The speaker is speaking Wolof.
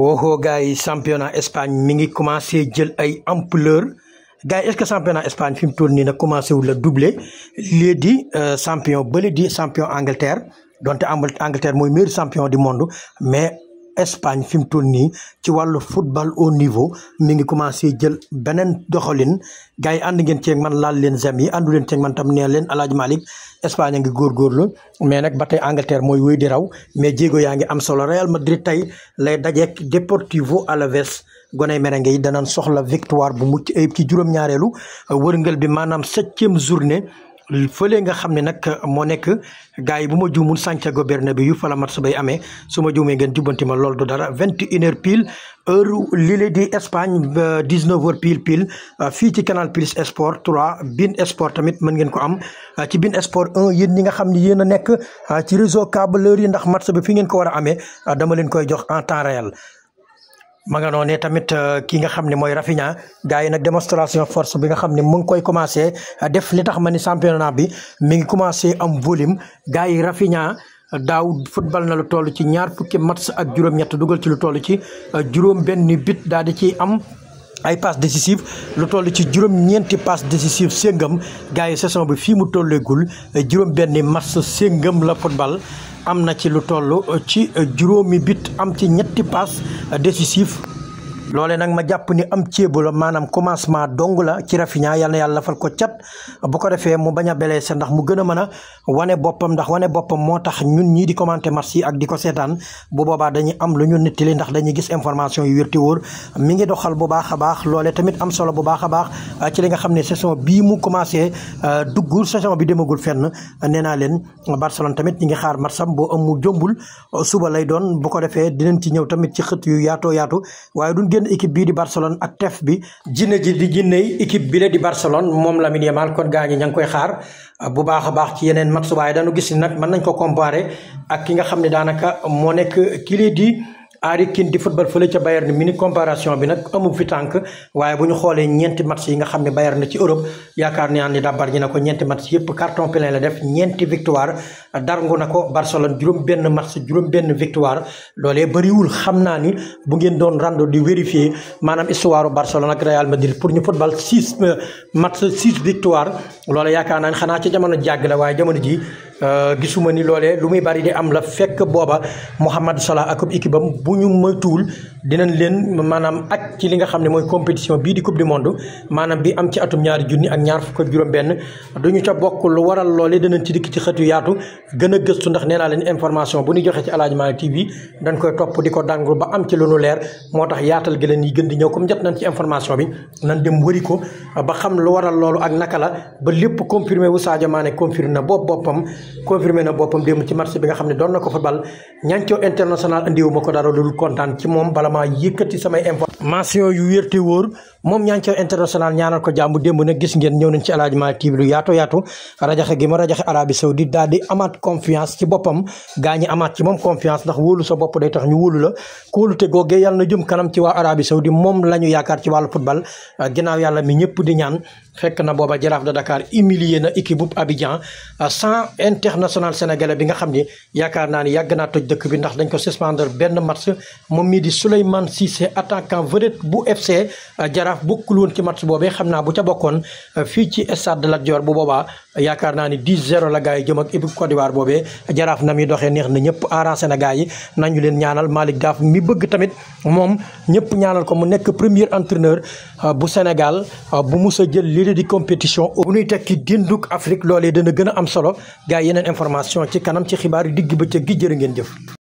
wooxoo gars yi championnat Espagne mi ngi commencé jël ay ampleur gars yi est-ce que championnat Espagne fi mu toll nii nag commencé wu la doublé lii di euh, champion bële di champion Angleterre donte Angleterre mooy meilleur champion du monde mais Espagne fi mu toll nii ci wàllu football au niveau mi ngi commencé jël beneen doxalin ga yi ànd ngeen ceeg man laal leen zam yi àndu leen ceeg man tam nee leen Aladji Malick Espagne a ngi góorgóorlu mais nag ba tey Angleterre mooy wéy di raw mais jéego yaa ngi am solo Real Madrid tey lay dajeek Deportivo Alaves goney merengue yi danañ soxla victoire bu mucc ayib ci juróom-ñaareelu wërngël bi maanaam septième journée fële nga xam ne nag moo nekk gars yi bu ma juumul Santiago Bernabéu fa la match bay amee su ma juumee ngeen jubbanti ma loolu du dara vingt et une heure pile heure lile di Espagne euh, dix neuf heures pile pile euh, fii ci Canal Plus Sport 3 Bein Sport tamit mën ngeen ko am euh, ci Bein Sport 1 yéen ñi nga xam ne yéen a nekk ci réseau câbleur yi ndax match bi fi ngeen ko war a amee dama leen koy jox en temps réel. ma nga noonee tamit euh, ki nga xam ne mooy Rafinha gars yi nag démonstration force bi nga xam ne mu ngi koy commencé euh, def li tax ma ni championnat bi mi ngi commencé am volume gars yi Rafinha euh, daaw football na lu toll ci ñaar fukki match ak juróom-ñett dugal ci lu toll ci juróom benn bit daal di ciy am ay passes décisives lu toll ci juróom-ñeenti passes décisives séngam gars yi saison bi fii mu tolleegul eh, juróom-benni match séngam la football am na ci lu toll eh, ci eh, juróomi bit am ci ñetti passes décisives loole nag ma jàpp ni am ceebu la maanaam commencement dong la ci Rafinha yal na yàlla lafal ko cat bu ko defee mu bañ a blessé ndax mu gën a mën a wane boppam ndax wane boppam moo tax ñun ñii di commenter match yi ak di ko seetaan bu boobaa dañuy am lu ñu nittali ndax dañuy gis information yu wér mi ngi doxal bu baax a baax loole tamit am solo bu baax a baax ci li nga xam ne saison bii mu commencé euh, duggul saison bi demagul fenn nee naa leen Barcelone tamit ñi ngi xaar matsam boo amu jombul suba lay doon bu ko defee dinañ ci ñëw tamit ci xët yu yaatoo yaatu diggante équipe bii di Barcelone ak tef bi jinne ji di équipe bi la di Barcelone moom Lamine Yamal kon gaa ñi ña ngi koy xaar bu baax a baax ci yeneen match waaye dañu gis ni nag mën nañ ko comparer ak ki nga xam ne daanaka moo nekk kii di Harry Kane di football fële ca Bayern Munich comparaison bi nag amul fi tànk waaye bu ñu xoolee ñeenti match yi nga xam ne Bayern na ci Europe yaakaar naa ni dàbbar ñi na ko ñeenti match yëpp carton plein la def ñeenti victoire darngu na ko Barcelone juróom benn match juróom benn victoire loolee bariwul xam naa ni bu ngeen doon rando di vérifier maanaam histoire Barcelone ak Real Madrid pour ñu football six euh, match six victoire loolee yaakaar naa ne xanaa ci jamono jàgg la waaye jamono ji euh, gisuma ni loolee lu muy bari di am la fekk booba Mohamed Salah ak équipe bu ñu moytuwul dinañ leen maanaam ak ci li nga xam ne mooy compétition bii di coupe du monde maanaam bi am ci atum ñaari junni ak ñaar fukk ak juróom-benn ñu ca bokk lu waral loolee dinañ ci dikk ci xët yu yaatu gën a gëstu ndax nee naa leen information bu ñu joxee ci Aladji Malick TV dañ koy topp di ko dàngul ba am ci lu nu leer moo tax yaatal gi leen yi gën di ñëw comme jot nañ ci information bi nañ dem wëri ko ba xam lu waral loolu ak naka la ba lépp confirmé wu Sadio Mané confirmé na bopp boppam confirmé na boppam démb ci match bi nga xam ne doon na ko football ñancoo international indiwu ma ko dara lu kontaan ci vraiment yëkkati samay information yu wér te wóor moom ñaancoo international ñaanal ko jàmm démb nag gis ngeen ñëw nañ ci Aladji Malick TV yaato yaatu rajaxe gi rajaxe Arabie Saoudite daal amaat confiance ci boppam gaa amaat ci moom confiance ndax wóolu sa bopp day tax ñu wóolu la kóolute googee yàlla na jëm kanam ci waa Arabie Saoudite moom la ñu yaakaar ci wàllu a ginnaaw yàlla mi ñëpp di ñaan fekk na booba Jaraaf de Dakar humilié na équipe bu bi nga xam ni yaakaar naa ni yàgg bi ndax dañ ko suspendre Souleymane Cissé attaquant vedette bu FC euh, Jaraaf bokkul woon ci match boobee xam naa bu ca bokkoon euh, fii ci stade Lat Dior bu boobaa yaakaar naa ni 10-0 la gars yi jëm ak équipe Côte d'Ivoire boobee Jaraaf na mi doxee neex na ñëpp arrangé na gars yi nañu leen ñaanal Malick Daaf mi bëgg tamit moom ñëpp ñaanal ko mu nekk premier entraîneur euh, bu senegal bu mus a jël lii di compétition bu nuy tekki dinduk Afrique loolee dana gën am solo gars yi yeneen information ci kanam ci xibaar yu digg bëccëg gi jërë ngeen jëf